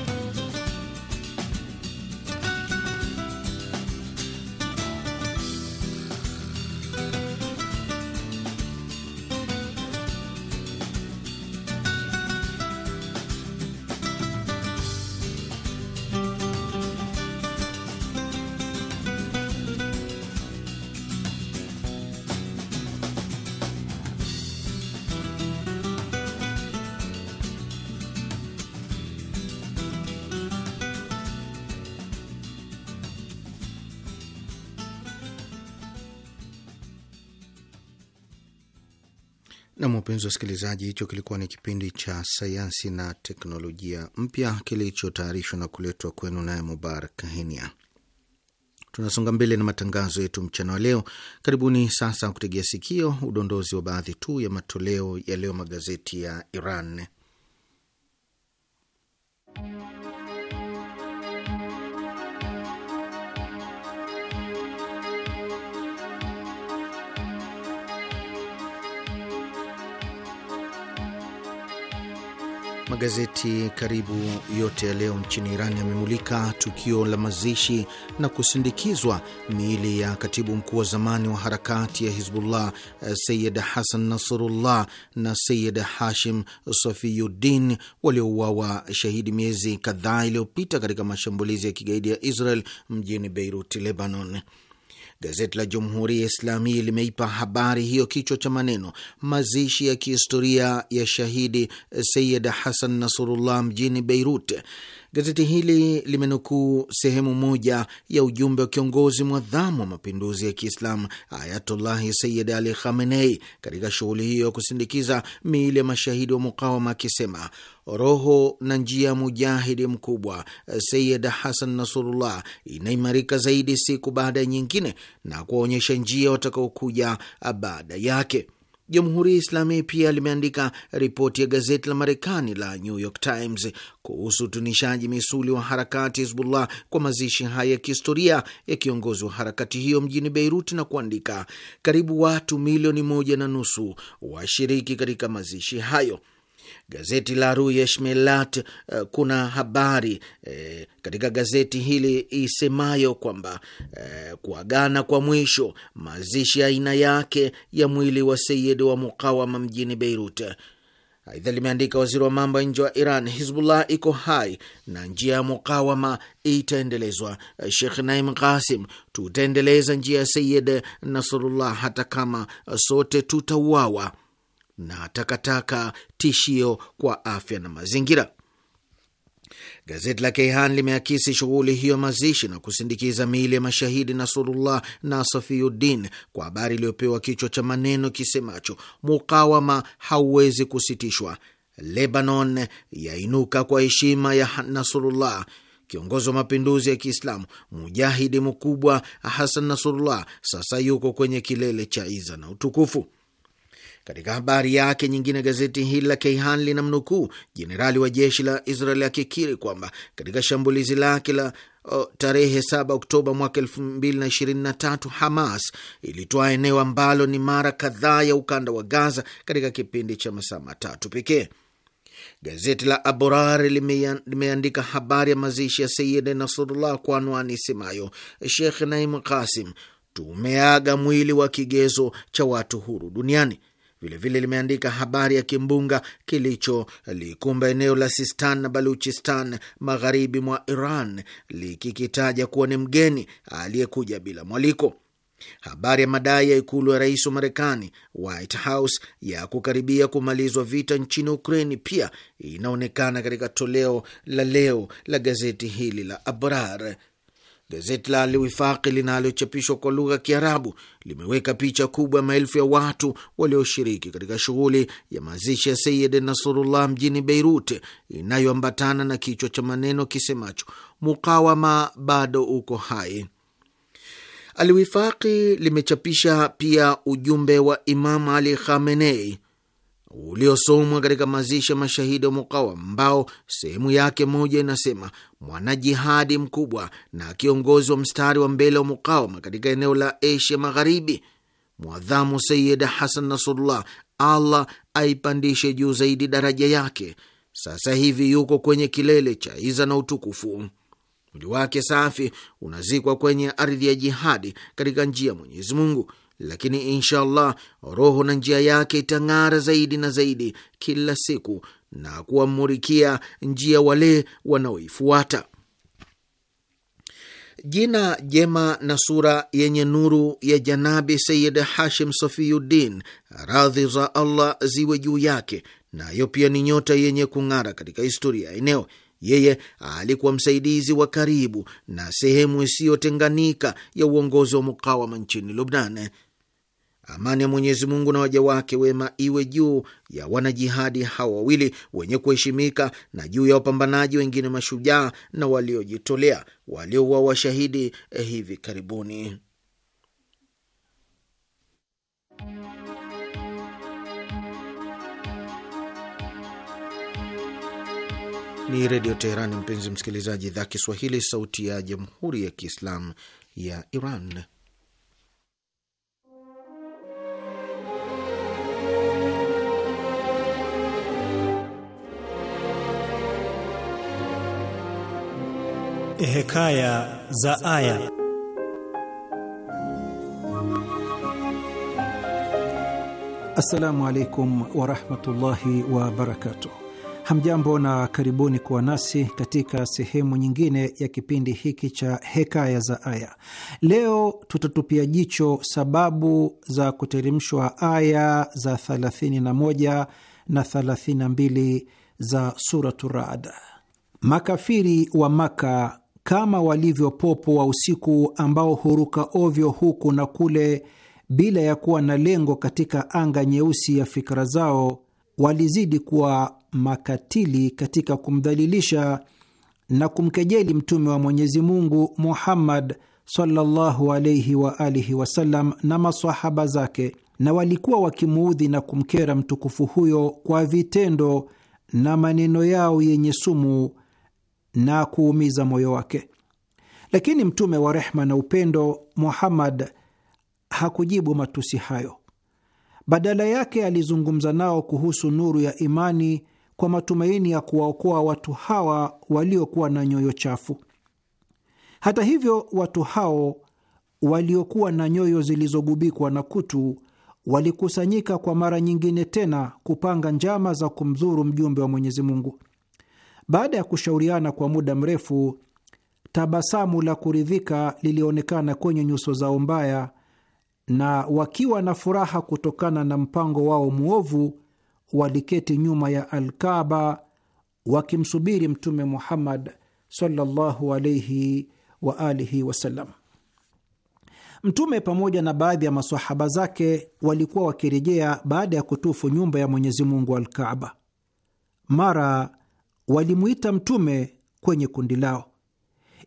Wapenzi wasikilizaji, hicho kilikuwa ni kipindi cha sayansi na teknolojia mpya kilichotayarishwa na kuletwa kwenu naye Mubarak Henia. Tunasonga mbele na matangazo yetu mchana wa leo. Karibuni sasa kutegea sikio udondozi wa baadhi tu ya matoleo ya leo magazeti ya Iran. Magazeti karibu yote ya leo nchini Iran yamemulika tukio la mazishi na kusindikizwa miili ya katibu mkuu wa zamani wa harakati ya Hizbullah eh, Sayid Hasan Nasrullah na Sayid Hashim Sofiyuddin waliouawa shahidi miezi kadhaa iliyopita katika mashambulizi ya kigaidi ya Israel mjini Beirut, Lebanon. Gazeti la Jamhuri ya Islami limeipa habari hiyo kichwa cha maneno, mazishi ya kihistoria ya shahidi Sayid Hasan Nasurullah mjini Beirut. Gazeti hili limenukuu sehemu moja ya ujumbe wa kiongozi mwadhamu wa mapinduzi ya Kiislamu Ayatullahi Sayyid Ali Khamenei katika shughuli hiyo ya kusindikiza miili ya mashahidi wa mukawama, akisema roho na njia ya mujahidi mkubwa Sayyid Hasan Nasurullah inaimarika zaidi siku baada ya nyingine na kuwaonyesha njia watakaokuja baada yake. Jamhuri ya Islami pia limeandika ripoti ya gazeti la Marekani la New York Times kuhusu utunishaji misuli wa harakati Hizbullah kwa mazishi haya ya kihistoria ya kiongozi wa harakati hiyo mjini Beiruti na kuandika karibu watu milioni moja na nusu washiriki katika mazishi hayo gazeti la Ruyeshmelat eh, kuna habari e, katika gazeti hili isemayo kwamba e, kuagana kwa mwisho mazishi ya aina yake ya mwili wa Seyid wa Mukawama mjini Beirut. Aidha limeandika waziri wa mambo ya nje wa Iran, Hizbullah iko hai na njia ya mukawama itaendelezwa. Shekh Naim Qasim, tutaendeleza njia ya Sayid Nasrullah hata kama sote tutauawa na takataka tishio kwa afya na mazingira. Gazeti la Keihan limeakisi shughuli hiyo mazishi na kusindikiza miili ya mashahidi Nasurullah na Safiuddin kwa habari iliyopewa kichwa cha maneno kisemacho mukawama hauwezi kusitishwa, Lebanon yainuka kwa heshima ya Nasurullah. Kiongozi wa mapinduzi ya Kiislamu, mujahidi mkubwa Hasan Nasurullah sasa yuko kwenye kilele cha iza na utukufu. Katika habari yake nyingine, gazeti hili la Keihan lina mnukuu jenerali wa jeshi la Israel akikiri kwamba katika shambulizi lake la O, tarehe 7 Oktoba mwaka 2023 Hamas ilitoa eneo ambalo ni mara kadhaa ya ukanda wa Gaza katika kipindi cha masaa matatu pekee. Gazeti la Aborar limeandika habari ya mazishi ya Sayid Nasrullah kwa anwani isemayo Shekh Naim Kasim, tumeaga mwili wa kigezo cha watu huru duniani. Vilevile limeandika habari ya kimbunga kilicholikumba eneo la Sistan na Baluchistan magharibi mwa Iran, likikitaja kuwa ni mgeni aliyekuja bila mwaliko. Habari ya madai ya ikulu ya rais wa Marekani, White House, ya kukaribia kumalizwa vita nchini Ukraini pia inaonekana katika toleo la leo la gazeti hili la Abrar. Gazeti la Alwifaqi linalochapishwa kwa lugha ya Kiarabu limeweka picha kubwa ya maelfu ya watu walioshiriki katika shughuli ya mazishi ya Sayid Nasurullah mjini Beirut, inayoambatana na kichwa cha maneno kisemacho mukawama bado uko hai. Alwifaqi limechapisha pia ujumbe wa Imam Ali Khamenei uliosomwa katika mazishi ya mashahidi wa Mukawama ambao sehemu yake moja inasema mwanajihadi mkubwa na kiongozi wa mstari wa mbele wa Mukawama katika eneo la Asia Magharibi, Mwadhamu Sayid Hasan Nasrullah, Allah aipandishe juu zaidi daraja yake, sasa hivi yuko kwenye kilele cha iza na utukufu. Mwili wake safi unazikwa kwenye ardhi ya jihadi katika njia ya Mwenyezi Mungu lakini insha allah roho na njia yake itang'ara zaidi na zaidi kila siku na kuwamurikia njia wale wanaoifuata. Jina jema na sura yenye nuru ya janabi Sayid Hashim Safiyuddin, radhi za Allah ziwe juu yake, nayo pia ni nyota yenye kung'ara katika historia ya eneo. Yeye alikuwa msaidizi wa karibu na sehemu isiyotenganika ya uongozi wa mukawama nchini Lubnan. Amani ya Mwenyezi Mungu na waja wake wema iwe juu ya wanajihadi hawa wawili wenye kuheshimika na juu ya wapambanaji wengine mashujaa na waliojitolea walioua washahidi eh, hivi karibuni. Ni Redio Teherani, mpenzi msikilizaji, idhaa Kiswahili, sauti ya Jamhuri ya Kiislamu ya Iran. Eh, Hekaya za Aya. Assalamu alaikum warahmatullahi wabarakatuh. Hamjambo na karibuni kuwa nasi katika sehemu nyingine ya kipindi hiki cha Hekaya za Aya. Leo tutatupia jicho sababu za kuteremshwa aya za 31 na 32 za Suratu Rad. Makafiri wa Maka kama walivyo popo wa usiku ambao huruka ovyo huku na kule bila ya kuwa na lengo katika anga nyeusi ya fikra zao, walizidi kuwa makatili katika kumdhalilisha na kumkejeli Mtume wa Mwenyezi Mungu Muhammad sallallahu alayhi wa alihi wasallam na masahaba zake, na walikuwa wakimuudhi na kumkera mtukufu huyo kwa vitendo na maneno yao yenye sumu na kuumiza moyo wake, lakini mtume wa rehma na upendo Muhammad hakujibu matusi hayo. Badala yake alizungumza nao kuhusu nuru ya imani kwa matumaini ya kuwaokoa watu hawa waliokuwa na nyoyo chafu. Hata hivyo, watu hao waliokuwa na nyoyo zilizogubikwa na kutu walikusanyika kwa mara nyingine tena kupanga njama za kumdhuru mjumbe wa Mwenyezi Mungu. Baada ya kushauriana kwa muda mrefu, tabasamu la kuridhika lilionekana kwenye nyuso zao mbaya, na wakiwa na furaha kutokana na mpango wao mwovu, waliketi nyuma ya Alkaba wakimsubiri Mtume Muhammad sallallahu alayhi wa alihi wasallam. Mtume pamoja na baadhi ya masahaba zake walikuwa wakirejea baada ya kutufu nyumba ya Mwenyezi Mungu Mara walimwita mtume kwenye kundi lao,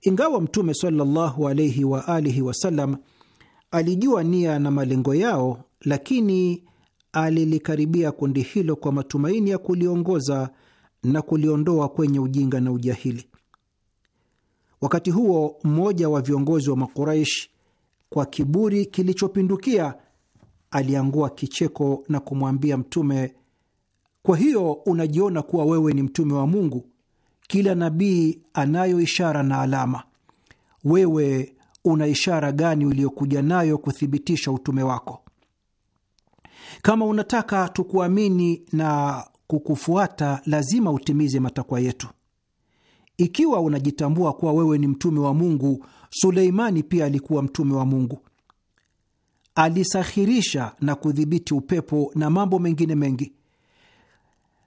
ingawa mtume sallallahu alaihi wa alihi wasallam alijua nia na malengo yao, lakini alilikaribia kundi hilo kwa matumaini ya kuliongoza na kuliondoa kwenye ujinga na ujahili. Wakati huo mmoja wa viongozi wa Makuraish kwa kiburi kilichopindukia aliangua kicheko na kumwambia Mtume, kwa hiyo unajiona kuwa wewe ni mtume wa Mungu. Kila nabii anayo ishara na alama. Wewe una ishara gani uliyokuja nayo kuthibitisha utume wako? Kama unataka tukuamini na kukufuata, lazima utimize matakwa yetu. Ikiwa unajitambua kuwa wewe ni mtume wa Mungu, Suleimani pia alikuwa mtume wa Mungu. Alisahirisha na kudhibiti upepo na mambo mengine mengi.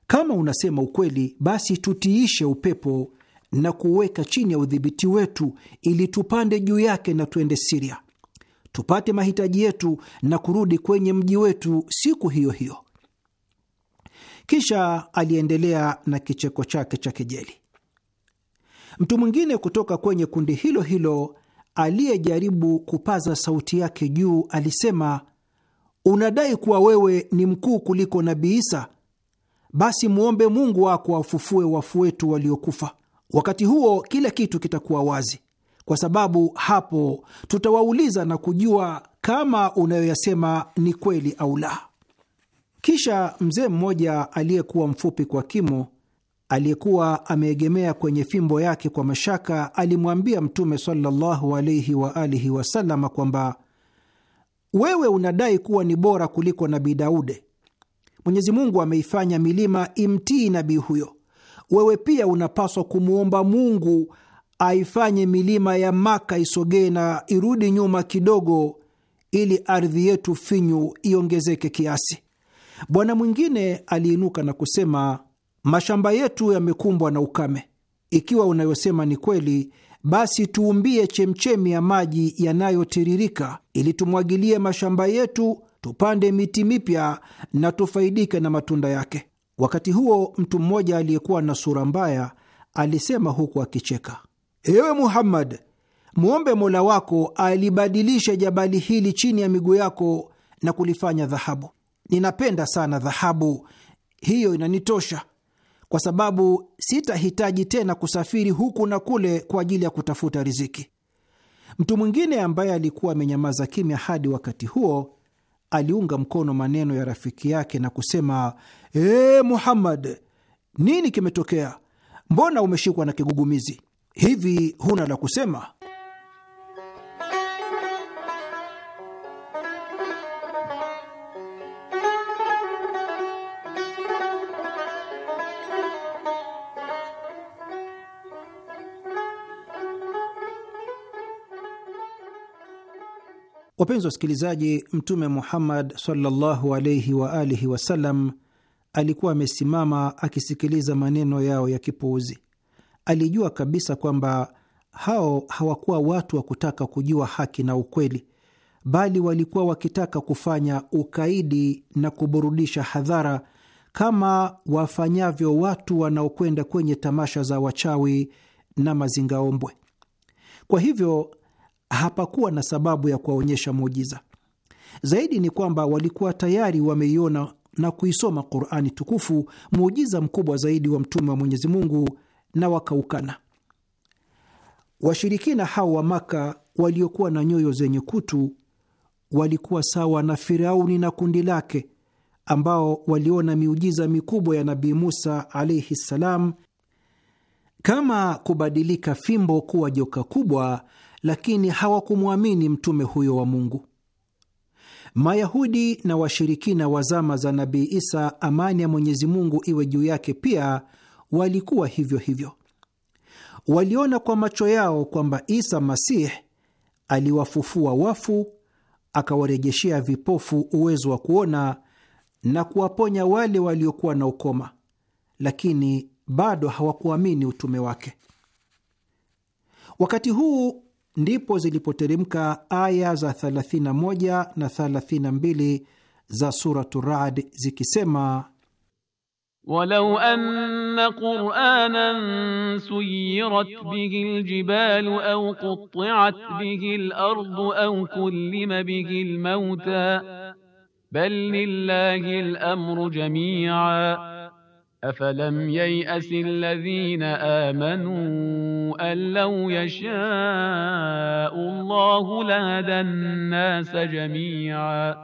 Kama unasema ukweli, basi tutiishe upepo na kuweka chini ya udhibiti wetu, ili tupande juu yake na tuende Siria tupate mahitaji yetu na kurudi kwenye mji wetu siku hiyo hiyo. Kisha aliendelea na kicheko chake cha kejeli. Mtu mwingine kutoka kwenye kundi hilo hilo aliyejaribu kupaza sauti yake juu alisema, unadai kuwa wewe ni mkuu kuliko Nabii Isa basi mwombe Mungu wako afufue wafu wetu waliokufa. Wakati huo kila kitu kitakuwa wazi, kwa sababu hapo tutawauliza na kujua kama unayoyasema ni kweli au la. Kisha mzee mmoja aliyekuwa mfupi kwa kimo, aliyekuwa ameegemea kwenye fimbo yake kwa mashaka, alimwambia Mtume sallallahu alaihi wa alihi kwamba wewe unadai kuwa ni bora kuliko Nabii Daude Mwenyezi Mungu ameifanya milima imtii nabii huyo. Wewe pia unapaswa kumwomba Mungu aifanye milima ya Maka isogee na irudi nyuma kidogo, ili ardhi yetu finyu iongezeke kiasi. Bwana mwingine aliinuka na kusema, mashamba yetu yamekumbwa na ukame. Ikiwa unayosema ni kweli, basi tuumbie chemchemi ya maji yanayotiririka, ili tumwagilie mashamba yetu tupande miti mipya na tufaidike na matunda yake. Wakati huo mtu mmoja aliyekuwa na sura mbaya alisema huku akicheka, ewe Muhammad, mwombe Mola wako alibadilishe jabali hili chini ya miguu yako na kulifanya dhahabu. Ninapenda sana dhahabu, hiyo inanitosha kwa sababu sitahitaji tena kusafiri huku na kule kwa ajili ya kutafuta riziki. Mtu mwingine ambaye alikuwa amenyamaza kimya hadi wakati huo aliunga mkono maneno ya rafiki yake na kusema, ee Muhammad, nini kimetokea? Mbona umeshikwa na kigugumizi hivi? Huna la kusema? Wapenzi wasikilizaji, Mtume Muhammad sallallahu alaihi wa alihi wasallam alikuwa amesimama akisikiliza maneno yao ya kipuuzi. Alijua kabisa kwamba hao hawakuwa watu wa kutaka kujua haki na ukweli, bali walikuwa wakitaka kufanya ukaidi na kuburudisha hadhara kama wafanyavyo watu wanaokwenda kwenye tamasha za wachawi na mazingaombwe. Kwa hivyo hapakuwa na sababu ya kuwaonyesha muujiza. Zaidi ni kwamba walikuwa tayari wameiona na kuisoma Qurani tukufu, muujiza mkubwa zaidi wa mtume wa Mwenyezi Mungu, na wakaukana. Washirikina hao wa Maka waliokuwa na nyoyo zenye kutu walikuwa sawa na Firauni na kundi lake ambao waliona miujiza mikubwa ya Nabii Musa alaihi ssalam, kama kubadilika fimbo kuwa joka kubwa lakini hawakumwamini mtume huyo wa Mungu. Mayahudi na washirikina wa zama za Nabii Isa, amani ya Mwenyezi Mungu iwe juu yake, pia walikuwa hivyo hivyo. Waliona kwa macho yao kwamba Isa Masih aliwafufua wafu, akawarejeshea vipofu uwezo wa kuona na kuwaponya wale waliokuwa na ukoma, lakini bado hawakuamini utume wake. Wakati huu ndipo zilipoteremka aya za 31 na 32 za Suratu Rad zikisema Walau anna Qur'anan suyirat bihi aljibalu aw qutti'at bihi alardu aw kullima bihi almauta bal lillahi alamru jami'a أفلم ييأس الذين آمنوا أن لو يشاء الله لهدى الناس جميعا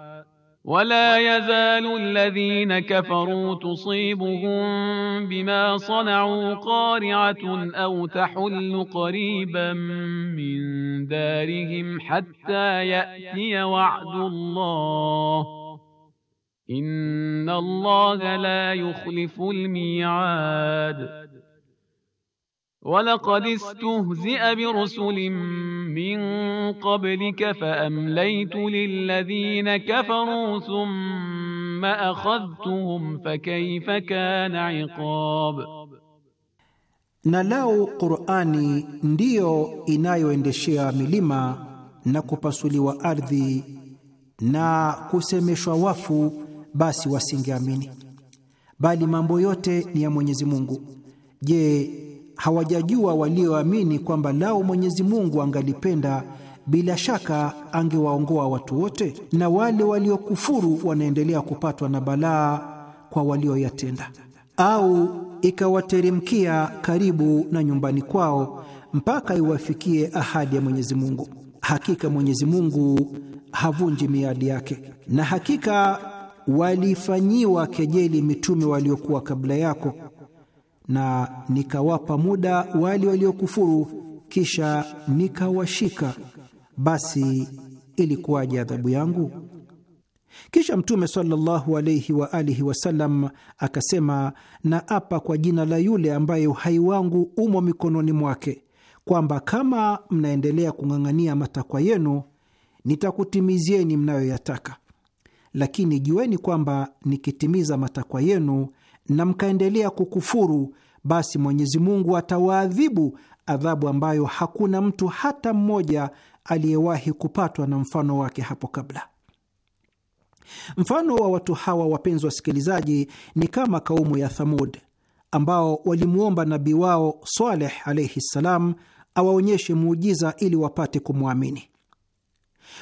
ولا يزال الذين كفروا تصيبهم بما صنعوا قارعة أو تحل قريبا من دارهم حتى يأتي وعد الله إن الله لا يخلف الميعاد ولقد استهزئ برسل من قبلك فأمليت للذين كفروا ثم أخذتهم فكيف كان عقاب na lau Qur'ani ndiyo inayoendeshea milima na kupasuliwa ardhi na kusemeshwa wafu basi wasingeamini. Bali mambo yote ni ya Mwenyezi Mungu. Je, hawajajua walioamini kwamba lao Mwenyezi Mungu angalipenda bila shaka angewaongoa watu wote? Na wale waliokufuru wanaendelea kupatwa na balaa kwa walioyatenda, au ikawateremkia karibu na nyumbani kwao mpaka iwafikie ahadi ya Mwenyezi Mungu. Hakika Mwenyezi Mungu havunji miadi yake, na hakika walifanyiwa kejeli mitume waliokuwa kabla yako, na nikawapa muda wale waliokufuru, kisha nikawashika. Basi ilikuwaje adhabu yangu? Kisha Mtume sallallahu alayhi wa alihi wasallam akasema, na apa kwa jina la yule ambaye uhai wangu umo mikononi mwake, kwamba kama mnaendelea kung'ang'ania matakwa yenu, nitakutimizieni mnayoyataka lakini jueni kwamba nikitimiza matakwa yenu na mkaendelea kukufuru, basi Mwenyezi Mungu atawaadhibu adhabu ambayo hakuna mtu hata mmoja aliyewahi kupatwa na mfano wake hapo kabla. Mfano wa watu hawa, wapenzi wasikilizaji, ni kama kaumu ya Thamud ambao walimwomba nabii wao Saleh alaihi ssalam awaonyeshe muujiza ili wapate kumwamini.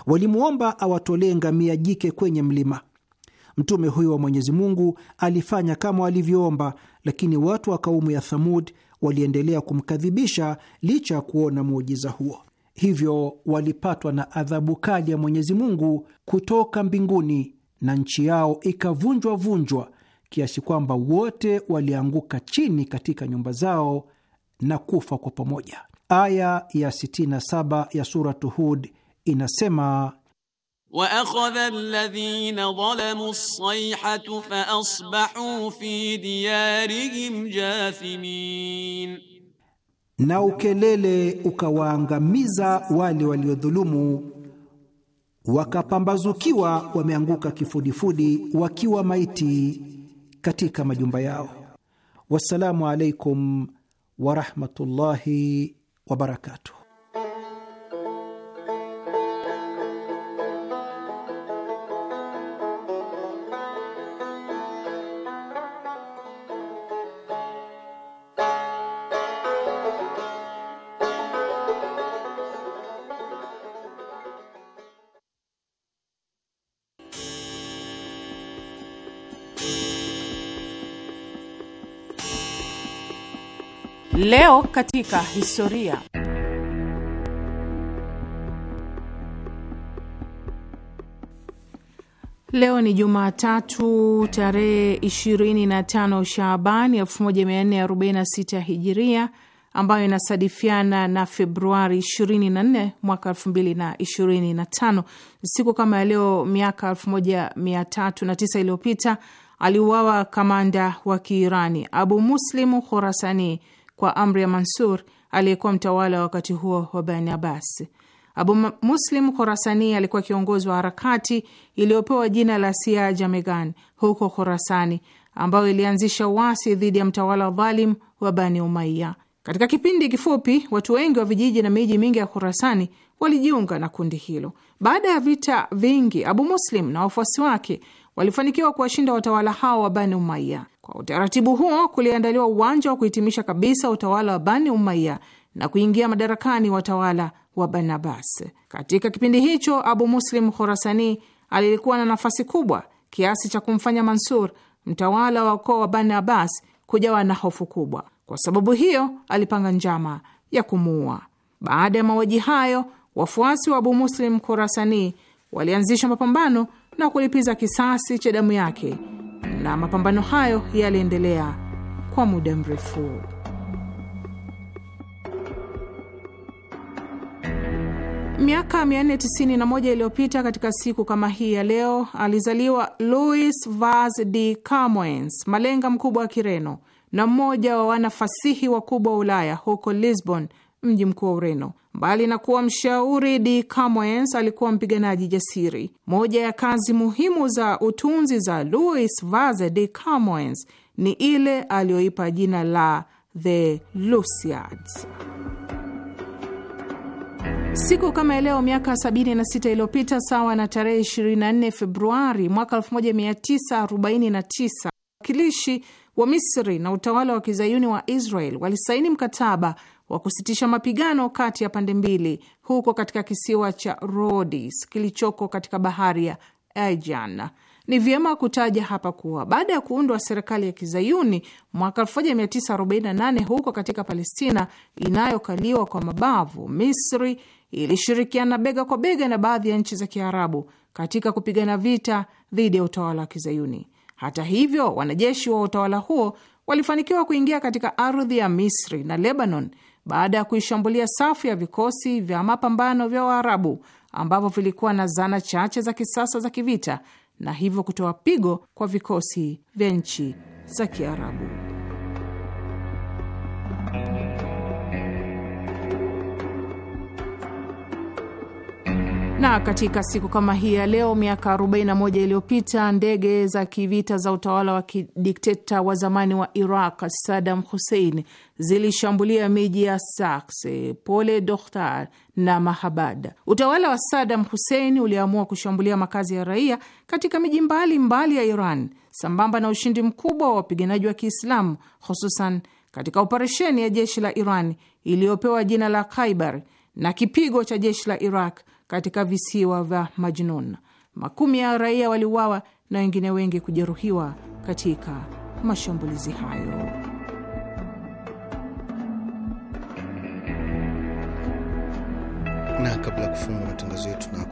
Walimwomba awatolee ngamia jike kwenye mlima. Mtume huyo wa Mwenyezi Mungu alifanya kama walivyoomba, lakini watu wa kaumu ya Thamud waliendelea kumkadhibisha licha ya kuona muujiza huo. Hivyo walipatwa na adhabu kali ya Mwenyezi Mungu kutoka mbinguni na nchi yao ikavunjwa vunjwa kiasi kwamba wote walianguka chini katika nyumba zao na kufa kwa pamoja. Aya ya 67 ya suratu Hud inasema wa akhadha alladhina zalamu as-sayhatu fa asbahu fi diyarihim jathimin, na ukelele ukawaangamiza wale waliodhulumu wakapambazukiwa wameanguka kifudifudi wakiwa maiti katika majumba yao. Wassalamu alaikum warahmatullahi wabarakatuh. Leo katika historia. Leo ni Jumatatu tarehe 25 Shaabani 1446 Hijiria, ambayo inasadifiana na Februari 24 mwaka 2025. Siku kama ya leo miaka 1309 iliyopita aliuawa kamanda wa Kiirani Abu Muslimu Khorasani kwa amri ya Mansur aliyekuwa mtawala wa wakati huo wa Bani Abbas. Abu Muslim Khorasani alikuwa kiongozi wa harakati iliyopewa jina la sia jamegan huko Khorasani, ambayo ilianzisha wasi dhidi ya mtawala dhalim wa Bani Umaiya. Katika kipindi kifupi, watu wengi wa vijiji na miji mingi ya Khorasani walijiunga na kundi hilo. Baada ya vita vingi, Abu Muslim na wafuasi wake walifanikiwa kuwashinda watawala hao wa Bani Umaiya. Kwa utaratibu huo kuliandaliwa uwanja wa kuhitimisha kabisa utawala wa Bani Umaya na kuingia madarakani watawala wa Bani Abbas. Katika kipindi hicho, Abu Muslim Khorasani alilikuwa na nafasi kubwa kiasi cha kumfanya Mansur, mtawala wa ukoo wa Bani Abbas, kujawa na hofu kubwa. Kwa sababu hiyo, alipanga njama ya kumuua. Baada ya mauaji hayo, wafuasi wa Abu Muslim Khorasani walianzisha mapambano na kulipiza kisasi cha damu yake na mapambano hayo yaliendelea kwa muda mrefu. Miaka 491 iliyopita katika siku kama hii ya leo alizaliwa louis Vaz de Camoens, malenga mkubwa wa Kireno na mmoja wa wanafasihi wakubwa wa Ulaya huko Lisbon mji mkuu wa Ureno. Mbali na kuwa mshauri, de Camoens alikuwa mpiganaji jasiri. Moja ya kazi muhimu za utunzi za Louis Vaze de Camoens ni ile aliyoipa jina la The Lusiads. Siku kama leo miaka 76 iliyopita, sawa na tarehe 24 Februari mwaka 1949, wakilishi wa Misri na utawala wa kizayuni wa Israel walisaini mkataba wa kusitisha mapigano kati ya pande mbili huko katika kisiwa cha Rhodes kilichoko katika bahari ya Aegean. Ni vyema kutaja hapa kuwa baada ya kuundwa serikali ya kizayuni mwaka 1948 huko katika Palestina inayokaliwa kwa mabavu, Misri ilishirikiana bega kwa bega na baadhi ya nchi za Kiarabu katika kupigana vita dhidi ya utawala wa kizayuni. Hata hivyo, wanajeshi wa utawala huo walifanikiwa kuingia katika ardhi ya Misri na Lebanon baada ya kuishambulia safu ya vikosi vya mapambano vya Waarabu ambavyo vilikuwa na zana chache za kisasa za kivita na hivyo kutoa pigo kwa vikosi vya nchi za Kiarabu. Na katika siku kama hii ya leo miaka 41 iliyopita ndege za kivita za utawala wa kidikteta wa zamani wa Iraq Saddam Hussein zilishambulia miji ya Sakse, Pole Dokhtar na Mahabad. Utawala wa Saddam Hussein uliamua kushambulia makazi ya raia katika miji mbalimbali ya Iran sambamba na ushindi mkubwa wa wapiganaji wa Kiislamu, hususan katika operesheni ya jeshi la Iran iliyopewa jina la Khaibar na kipigo cha jeshi la Iraq katika visiwa vya Majnun. Makumi ya raia waliuawa na wengine wengi kujeruhiwa katika mashambulizi hayo. Na kabla ya kufunga matangazo yetu na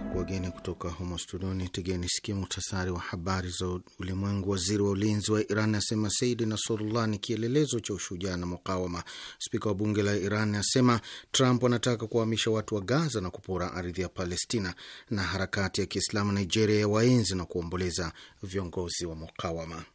kutoka humo studioni. Tegeni sikia muhtasari wa habari za ulimwengu. Waziri wa ulinzi wa Iran asema Saidi Nasrullah ni kielelezo cha ushujaa na mukawama. Spika wa bunge la Iran asema Trump anataka kuhamisha watu wa Gaza na kupora ardhi ya Palestina. Na harakati ya Kiislamu Nigeria ya waenzi na kuomboleza viongozi wa mukawama.